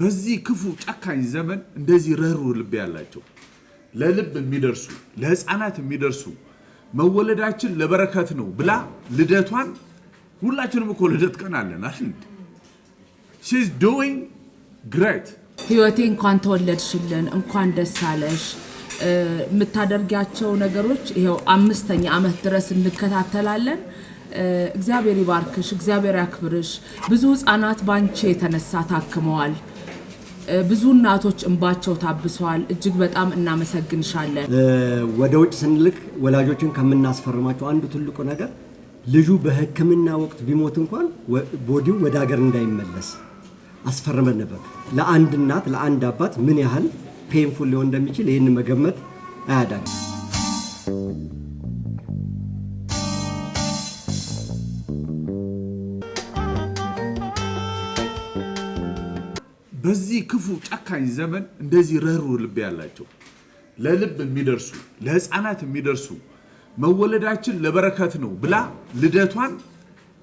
በዚህ ክፉ ጨካኝ ዘመን እንደዚህ ረሩ ልብ ያላቸው ለልብ የሚደርሱ ለህፃናት የሚደርሱ መወለዳችን ለበረከት ነው ብላ ልደቷን ሁላችንም እኮ ልደት ቀን አለን አይደል? ግሬት ህይወቴ እንኳን ተወለድሽልን፣ እንኳን ደስ አለሽ። የምታደርጊያቸው ነገሮች ይኸው አምስተኛ ዓመት ድረስ እንከታተላለን። እግዚአብሔር ይባርክሽ፣ እግዚአብሔር ያክብርሽ። ብዙ ህፃናት ባንቺ የተነሳ ታክመዋል። ብዙ እናቶች እንባቸው ታብሰዋል። እጅግ በጣም እናመሰግንሻለን። ወደ ውጭ ስንልክ ወላጆችን ከምናስፈርማቸው አንዱ ትልቁ ነገር ልጁ በሕክምና ወቅት ቢሞት እንኳን ቦዲው ወደ ሀገር እንዳይመለስ አስፈርመን ነበር። ለአንድ እናት ለአንድ አባት ምን ያህል ፔንፉል ሊሆን እንደሚችል ይህን መገመት አያዳግም። በዚህ ክፉ ጨካኝ ዘመን እንደዚህ ረሩ ልብ ያላቸው ለልብ የሚደርሱ ለህፃናት የሚደርሱ መወለዳችን ለበረከት ነው ብላ ልደቷን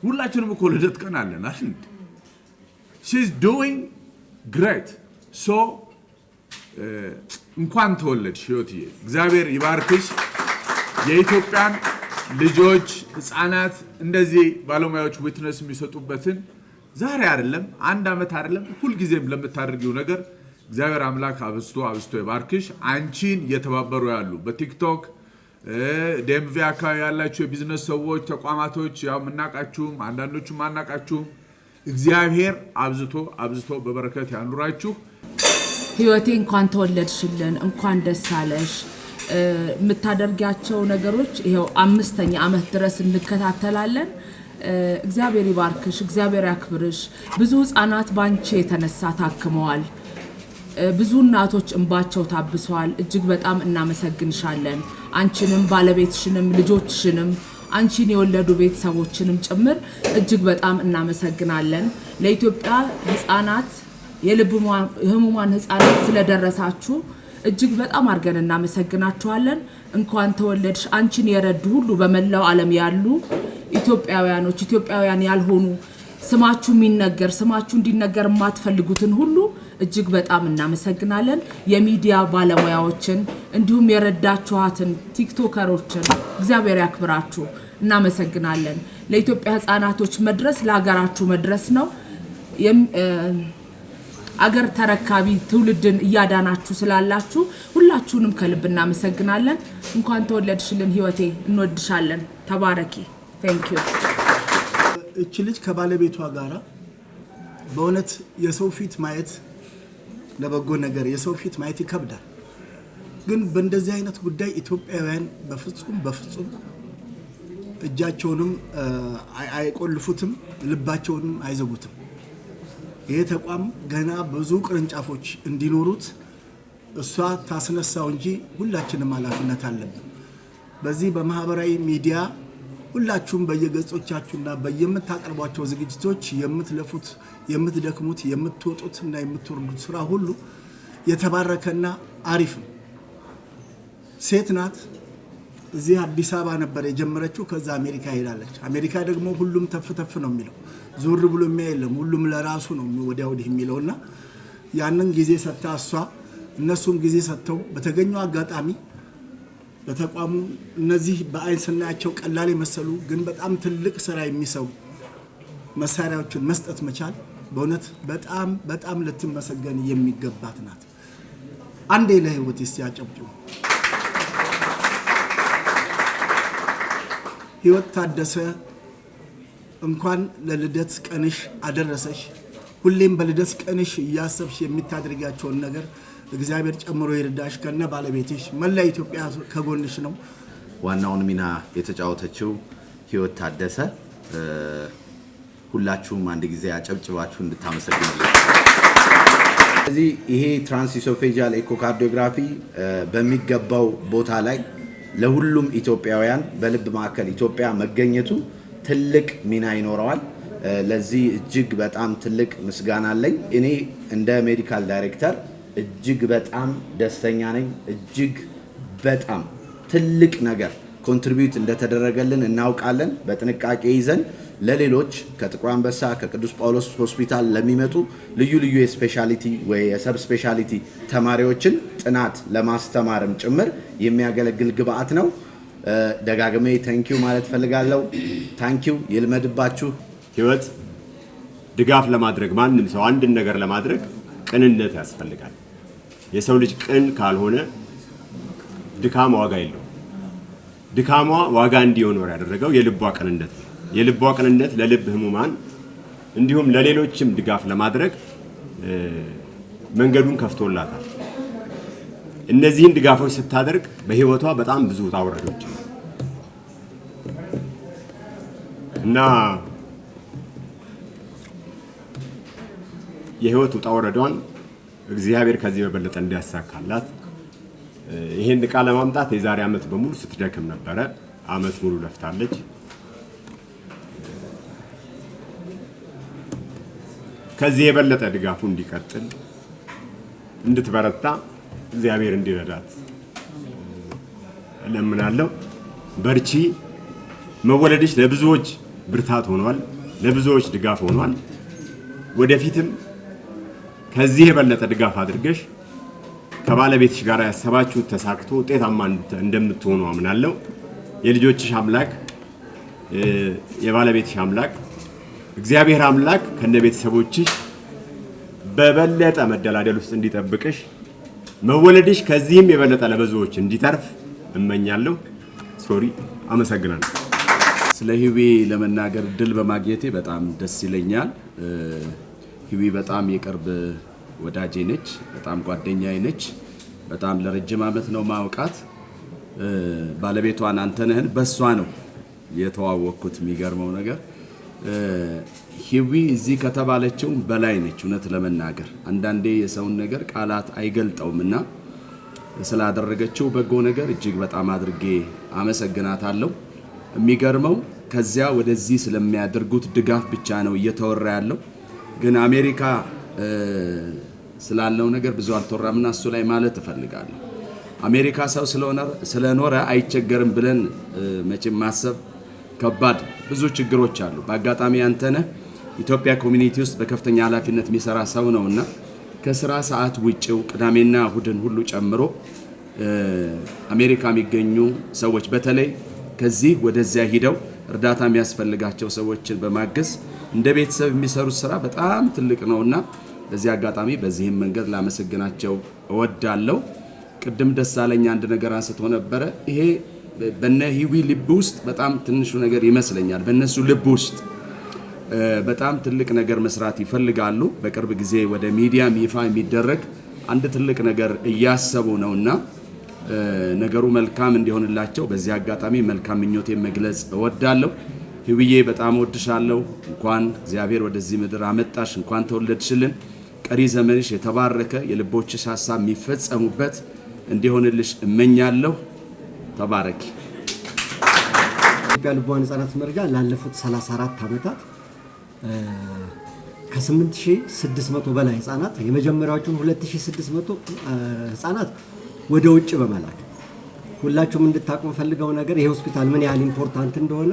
ሁላችንም እኮ ልደት ቀን አለን አይደል? ሺዝ ዱዊንግ ግሬት ሶ እንኳን ተወለድ ሕይወትዬ፣ እግዚአብሔር ይባርክሽ። የኢትዮጵያን ልጆች ህፃናት እንደዚህ ባለሙያዎች ዊትነስ የሚሰጡበትን ዛሬ አይደለም አንድ ዓመት አይደለም ሁልጊዜም ለምታደርጊው ነገር እግዚአብሔር አምላክ አብስቶ አብስቶ የባርክሽ። አንቺን እየተባበሩ ያሉ በቲክቶክ ደምቪ አካባቢ ያላችሁ የቢዝነስ ሰዎች ተቋማቶች፣ ያው የምናቃችሁም አንዳንዶቹም አናቃችሁም፣ እግዚአብሔር አብዝቶ አብዝቶ በበረከት ያኑራችሁ። ህይወቴ እንኳን ተወለድሽልን፣ እንኳን ደስ አለሽ። የምታደርጊያቸው ነገሮች ይኸው አምስተኛ ዓመት ድረስ እንከታተላለን። እግዚአብሔር ይባርክሽ፣ እግዚአብሔር ያክብርሽ። ብዙ ህጻናት ባንቺ የተነሳ ታክመዋል። ብዙ እናቶች እንባቸው ታብሰዋል። እጅግ በጣም እናመሰግንሻለን። አንቺንም ባለቤትሽንም ልጆችሽንም አንቺን የወለዱ ቤተሰቦችንም ጭምር እጅግ በጣም እናመሰግናለን። ለኢትዮጵያ ህጻናት የልብ ህሙማን ህጻናት ስለደረሳችሁ እጅግ በጣም አድርገን እናመሰግናችኋለን። እንኳን ተወለድሽ። አንቺን የረዱ ሁሉ በመላው ዓለም ያሉ ኢትዮጵያውያኖች ኢትዮጵያውያን ያልሆኑ ስማችሁ የሚነገር ስማችሁ እንዲነገር የማትፈልጉትን ሁሉ እጅግ በጣም እናመሰግናለን። የሚዲያ ባለሙያዎችን እንዲሁም የረዳችኋትን ቲክቶከሮችን እግዚአብሔር ያክብራችሁ። እናመሰግናለን። ለኢትዮጵያ ህፃናቶች መድረስ ለሀገራችሁ መድረስ ነው። አገር ተረካቢ ትውልድን እያዳናችሁ ስላላችሁ ሁላችሁንም ከልብ እናመሰግናለን። እንኳን ተወለድሽልን ህይወቴ፣ እንወድሻለን። ተባረኪ። እች ልጅ ከባለቤቷ ጋራ በእውነት የሰው ፊት ማየት ለበጎ ነገር የሰው ፊት ማየት ይከብዳል። ግን በእንደዚህ አይነት ጉዳይ ኢትዮጵያውያን በፍጹም በፍጹም እጃቸውንም አይቆልፉትም፣ ልባቸውንም አይዘጉትም። ይህ ተቋም ገና ብዙ ቅርንጫፎች እንዲኖሩት እሷ ታስነሳው እንጂ ሁላችንም ኃላፊነት አለብን። በዚህ በማህበራዊ ሚዲያ ሁላችሁም በየገጾቻችሁና በየምታቀርቧቸው ዝግጅቶች የምትለፉት፣ የምትደክሙት፣ የምትወጡት እና የምትወርዱት ስራ ሁሉ የተባረከና አሪፍ ነው። ሴት ናት። እዚህ አዲስ አበባ ነበር የጀመረችው። ከዛ አሜሪካ ሄዳለች። አሜሪካ ደግሞ ሁሉም ተፍተፍ ነው የሚለው ዙር ብሎ የሚያ የለም። ሁሉም ለራሱ ነው ወዲያ ወዲህ የሚለውና ያንን ጊዜ ሰጥታ እሷ እነሱም ጊዜ ሰጥተው በተገኘው አጋጣሚ ለተቋሙ እነዚህ በአይን ስናያቸው ቀላል የመሰሉ ግን በጣም ትልቅ ስራ የሚሰሩ መሳሪያዎችን መስጠት መቻል በእውነት በጣም በጣም ልትመሰገን የሚገባት ናት። አንዴ ለህይወት እስቲ ህይወት ታደሰ እንኳን ለልደት ቀንሽ አደረሰሽ። ሁሌም በልደት ቀንሽ እያሰብሽ የምታደርጋቸውን ነገር እግዚአብሔር ጨምሮ ይርዳሽ ከነ ባለቤትሽ፣ መላ ኢትዮጵያ ከጎንሽ ነው። ዋናውን ሚና የተጫወተችው ህይወት ታደሰ፣ ሁላችሁም አንድ ጊዜ አጨብጭባችሁ እንድታመሰግናለን። ስለዚህ ይሄ ትራንስኢሶፌጃል ኤኮካርዲዮግራፊ በሚገባው ቦታ ላይ ለሁሉም ኢትዮጵያውያን በልብ ማዕከል ኢትዮጵያ መገኘቱ ትልቅ ሚና ይኖረዋል። ለዚህ እጅግ በጣም ትልቅ ምስጋና አለኝ። እኔ እንደ ሜዲካል ዳይሬክተር እጅግ በጣም ደስተኛ ነኝ። እጅግ በጣም ትልቅ ነገር ኮንትሪቢዩት እንደተደረገልን እናውቃለን። በጥንቃቄ ይዘን ለሌሎች ከጥቁር አንበሳ ከቅዱስ ጳውሎስ ሆስፒታል ለሚመጡ ልዩ ልዩ የስፔሻሊቲ ወይ የሰብ ስፔሻሊቲ ተማሪዎችን ጥናት ለማስተማርም ጭምር የሚያገለግል ግብአት ነው። ደጋግሜ ታንኪዩ ማለት ፈልጋለሁ። ታንኪዩ ይልመድባችሁ። ህይወት ድጋፍ ለማድረግ ማንም ሰው አንድን ነገር ለማድረግ ቅንነት ያስፈልጋል። የሰው ልጅ ቅን ካልሆነ ድካም ዋጋ የለው። ድካሟ ዋጋ እንዲኖር ያደረገው የልቧ ቅንነት ነው። የልቧ ቅንነት ለልብ ህሙማን እንዲሁም ለሌሎችም ድጋፍ ለማድረግ መንገዱን ከፍቶላታል። እነዚህን ድጋፎች ስታደርግ በህይወቷ በጣም ብዙ ውጣ ውረዶች እና የህይወት ውጣ ወረዷን እግዚአብሔር ከዚህ በበለጠ እንዲያሳካላት ይሄን እቃ ለማምጣት የዛሬ ዓመት በሙሉ ስትደክም ነበረ። ዓመት ሙሉ ለፍታለች። ከዚህ የበለጠ ድጋፉ እንዲቀጥል እንድትበረታ እግዚአብሔር እንዲረዳት እለምናለሁ። በርቺ። መወለድሽ ለብዙዎች ብርታት ሆኗል፣ ለብዙዎች ድጋፍ ሆኗል። ወደፊትም ከዚህ የበለጠ ድጋፍ አድርገሽ ከባለቤትሽ ጋር ያሰባችሁ ተሳክቶ ውጤታማ እንደምትሆኑ አምናለሁ። የልጆችሽ አምላክ የባለቤትሽ አምላክ እግዚአብሔር አምላክ ከነ ቤተሰቦችሽ በበለጠ መደላደል ውስጥ እንዲጠብቅሽ መወለድሽ ከዚህም የበለጠ ለብዙዎች እንዲተርፍ እመኛለሁ። ሶሪ፣ አመሰግናለሁ። ስለ ሂዊ ለመናገር ድል በማግኘቴ በጣም ደስ ይለኛል። ሂዊ በጣም የቅርብ ወዳጄ ነች፣ በጣም ጓደኛዬ ነች። በጣም ለረጅም ዓመት ነው ማውቃት። ባለቤቷን አንተነህን በእሷ ነው የተዋወቅኩት። የሚገርመው ነገር ሂዊ እዚህ ከተባለችው በላይ ነች። እውነት ለመናገር አንዳንዴ የሰውን ነገር ቃላት አይገልጠውም እና ስላደረገችው በጎ ነገር እጅግ በጣም አድርጌ አመሰግናታለሁ። የሚገርመው ከዚያ ወደዚህ ስለሚያደርጉት ድጋፍ ብቻ ነው እየተወራ ያለው ግን አሜሪካ ስላለው ነገር ብዙ አልተወራም እሱ ላይ ማለት እፈልጋለሁ። አሜሪካ ሰው ስለኖረ አይቸገርም ብለን መቼም ማሰብ ከባድ፣ ብዙ ችግሮች አሉ። በአጋጣሚ አንተነህ ኢትዮጵያ ኮሚኒቲ ውስጥ በከፍተኛ ኃላፊነት የሚሰራ ሰው ነው እና ከስራ ሰዓት ውጭው ቅዳሜና እሁድን ሁሉ ጨምሮ አሜሪካ የሚገኙ ሰዎች በተለይ ከዚህ ወደዚያ ሂደው እርዳታ የሚያስፈልጋቸው ሰዎችን በማገዝ እንደ ቤተሰብ የሚሰሩት ስራ በጣም ትልቅ ነው እና። በዚህ አጋጣሚ በዚህም መንገድ ላመሰግናቸው እወዳለሁ። ቅድም ደሳለኝ አንድ ነገር አንስቶ ነበረ። ይሄ በነ ሂዊ ልብ ውስጥ በጣም ትንሹ ነገር ይመስለኛል። በእነሱ ልብ ውስጥ በጣም ትልቅ ነገር መስራት ይፈልጋሉ። በቅርብ ጊዜ ወደ ሚዲያም ይፋ የሚደረግ አንድ ትልቅ ነገር እያሰቡ ነውና ነገሩ መልካም እንዲሆንላቸው በዚህ አጋጣሚ መልካም ምኞቴ መግለጽ እወዳለሁ። ሂዊዬ በጣም ወድሻለሁ። እንኳን እግዚአብሔር ወደዚህ ምድር አመጣሽ፣ እንኳን ተወለድሽልን። ቀሪ ዘመንሽ የተባረከ የልቦችሽ ሀሳብ የሚፈጸሙበት እንዲሆንልሽ እመኛለሁ። ተባረኪ። ኢትዮጵያ ልቧን ህጻናት መርጃ ላለፉት 34 ዓመታት ከ8600 በላይ ህጻናት የመጀመሪያዎቹን 2600 ህጻናት ወደ ውጭ በመላክ ሁላችሁም እንድታቁም ፈልገው ነገር የሆስፒታል ምን ያህል ኢምፖርታንት እንደሆነ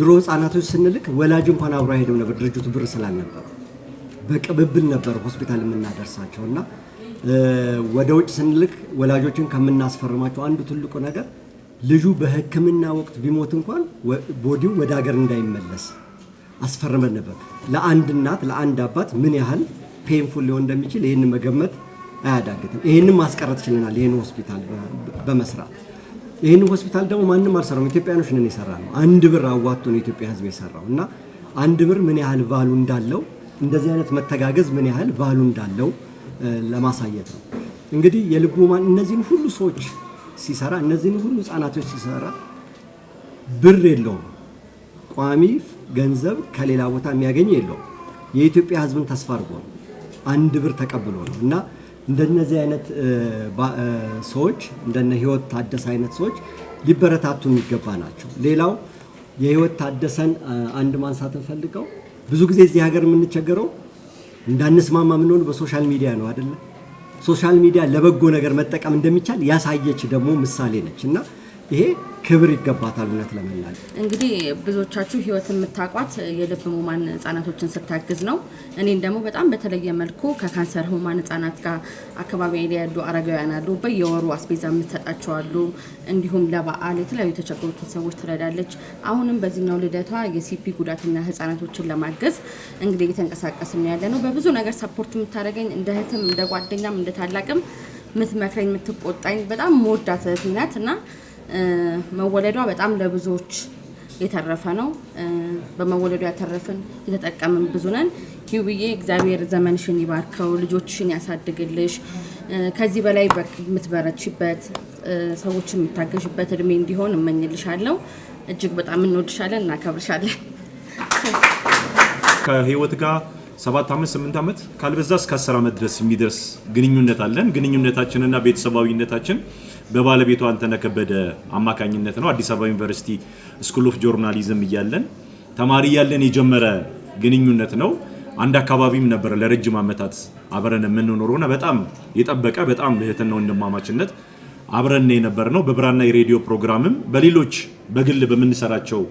ድሮ ህጻናቶች ስንልክ ወላጅ እንኳን አብሮ አይሄድም ነበር ድርጅቱ ብር ስላልነበረ በቅብብል ነበር ሆስፒታል የምናደርሳቸው እና ወደ ውጭ ስንልክ ወላጆችን ከምናስፈርማቸው አንዱ ትልቁ ነገር ልጁ በሕክምና ወቅት ቢሞት እንኳን ቦዲው ወደ ሀገር እንዳይመለስ አስፈርመን ነበር። ለአንድ እናት ለአንድ አባት ምን ያህል ፔንፉል ሊሆን እንደሚችል ይህን መገመት አያዳግትም። ይህንም ማስቀረት ችለናል። ይህን ሆስፒታል በመስራት ይህን ሆስፒታል ደግሞ ማንም አልሰራውም። ኢትዮጵያኖች ነን የሰራ ነው። አንድ ብር አዋቶ ነው ኢትዮጵያ ሕዝብ የሰራው እና አንድ ብር ምን ያህል ቫሉ እንዳለው እንደዚህ አይነት መተጋገዝ ምን ያህል ባህሉ እንዳለው ለማሳየት ነው። እንግዲህ የልብ ህሙማን እነዚህን ሁሉ ሰዎች ሲሰራ፣ እነዚህን ሁሉ ህጻናቶች ሲሰራ ብር የለውም፣ ቋሚ ገንዘብ ከሌላ ቦታ የሚያገኝ የለውም። የኢትዮጵያ ህዝብን ተስፋ አድርጎ ነው አንድ ብር ተቀብሎ ነው እና እንደነዚህ አይነት ሰዎች እንደነ ህይወት ታደሰ አይነት ሰዎች ሊበረታቱ የሚገባ ናቸው። ሌላው የህይወት ታደሰን አንድ ማንሳት እንፈልገው ብዙ ጊዜ እዚህ ሀገር የምንቸገረው እንዳንስማማ የምንሆን በሶሻል ሚዲያ ነው አይደለ? ሶሻል ሚዲያ ለበጎ ነገር መጠቀም እንደሚቻል ያሳየች ደግሞ ምሳሌ ነች እና ይሄ ክብር ይገባታል። እውነት ለመላል እንግዲህ ብዙዎቻችሁ ህይወት የምታውቋት የልብ ህሙማን ህጻናቶችን ስታግዝ ነው። እኔም ደግሞ በጣም በተለየ መልኩ ከካንሰር ህሙማን ህጻናት ጋር አካባቢ ላይ ያሉ አረጋውያን አሉ። በየወሩ አስቤዛ የምትሰጣቸው እንዲሁም ለበዓል የተለያዩ የተቸገሩትን ሰዎች ትረዳለች። አሁንም በዚህኛው ልደቷ የሲፒ ጉዳተኛ ህጻናቶችን ለማገዝ እንግዲህ እየተንቀሳቀስ ያለ ነው። በብዙ ነገር ሰፖርት የምታደርገኝ እንደ እህትም እንደ ጓደኛም እንደ ታላቅም ምትመክረኝ የምትቆጣኝ በጣም መወዳት እህት ናት እና መወለዷ በጣም ለብዙዎች የተረፈ ነው። በመወለዱ ያተረፍን የተጠቀምን ብዙ ነን። ኪውብዬ እግዚአብሔር ዘመንሽን ይባርከው፣ ልጆችሽን ያሳድግልሽ፣ ከዚህ በላይ የምትበረችበት ሰዎች የምታገዥበት እድሜ እንዲሆን እመኝልሻለሁ። እጅግ በጣም እንወድሻለን፣ እናከብርሻለን። ከህይወት ጋር ሰባት ዓመት ስምንት ዓመት ካልበዛ እስከ አስር ዓመት ድረስ የሚደርስ ግንኙነት አለን። ግንኙነታችንና ቤተሰባዊነታችን በባለቤቷ አንተነህ ከበደ አማካኝነት ነው አዲስ አበባ ዩኒቨርሲቲ ስኩል ኦፍ ጆርናሊዝም እያለን ተማሪ እያለን የጀመረ ግንኙነት ነው። አንድ አካባቢም ነበረ ለረጅም ዓመታት አብረን የምንኖረው እና በጣም የጠበቀ በጣም እህትና ወንድማማችነት አብረን የነበር ነው። በብራና የሬዲዮ ፕሮግራምም በሌሎች በግል በምንሰራቸው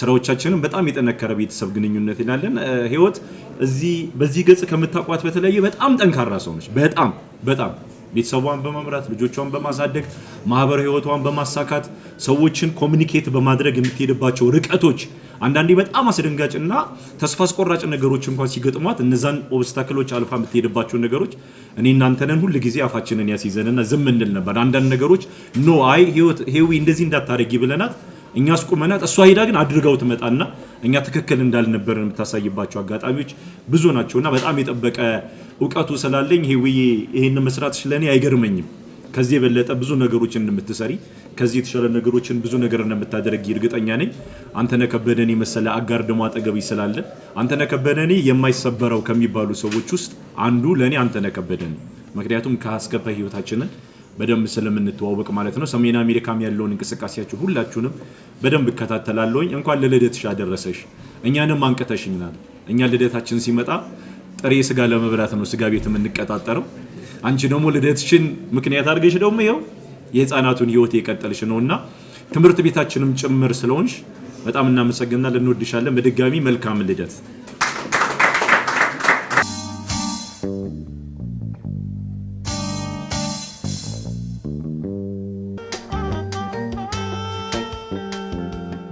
ስራዎቻችንም በጣም የጠነከረ ቤተሰብ ግንኙነት ያለን ህይወት እዚህ በዚህ ገጽ ከምታውቋት በተለየ በጣም ጠንካራ ሰው ነች። በጣም በጣም ቤተሰቧን በመምራት ልጆቿን በማሳደግ ማህበር ህይወቷን በማሳካት ሰዎችን ኮሚኒኬት በማድረግ የምትሄድባቸው ርቀቶች አንዳንዴ በጣም አስደንጋጭ እና ተስፋ አስቆራጭ ነገሮች እንኳን ሲገጥሟት እነዛን ኦብስታክሎች አልፋ የምትሄድባቸው ነገሮች እኔ እናንተንን ሁል ጊዜ አፋችንን ያስይዘንና ዝም እንል ነበር። አንዳንድ ነገሮች ኖ አይ ህይወት ሄዊ እንደዚህ እንዳታደርጊ ብለናት እኛ አስቁመናት፣ እሷ ሄዳ ግን አድርገው ትመጣና እኛ ትክክል እንዳልነበረን የምታሳይባቸው አጋጣሚዎች ብዙ ናቸው እና በጣም የጠበቀ እውቀቱ ስላለኝ ሂዊዬ ይህን መስራትሽ ለእኔ አይገርመኝም። ከዚህ የበለጠ ብዙ ነገሮችን እንደምትሰሪ ከዚህ የተሻለ ነገሮችን ብዙ ነገር እንደምታደርጊ እርግጠኛ ነኝ። አንተነህ ከበደን መሰለ አጋር ደግሞ አጠገብ ስላለ አንተነህ ከበደኔ የማይሰበረው ከሚባሉ ሰዎች ውስጥ አንዱ ለእኔ አንተነህ ከበደን ምክንያቱም ከአስከፈ ህይወታችንን በደንብ ስለምንተዋወቅ ማለት ነው። ሰሜን አሜሪካም ያለውን እንቅስቃሴያችሁ ሁላችሁንም በደንብ እከታተላለሁኝ። እንኳን ለልደትሽ አደረሰሽ። እኛንም አንቅተሽኛል። እኛ ልደታችን ሲመጣ ጥሬ ስጋ ለመብላት ነው ስጋ ቤት የምንቀጣጠረው። አንቺ ደግሞ ልደትሽን ምክንያት አድርገሽ ደግሞ ይኸው የህፃናቱን ህይወት የቀጠልሽ ነው እና ትምህርት ቤታችንም ጭምር ስለሆንሽ በጣም እናመሰግናለን፣ እንወድሻለን። በድጋሚ መልካም ልደት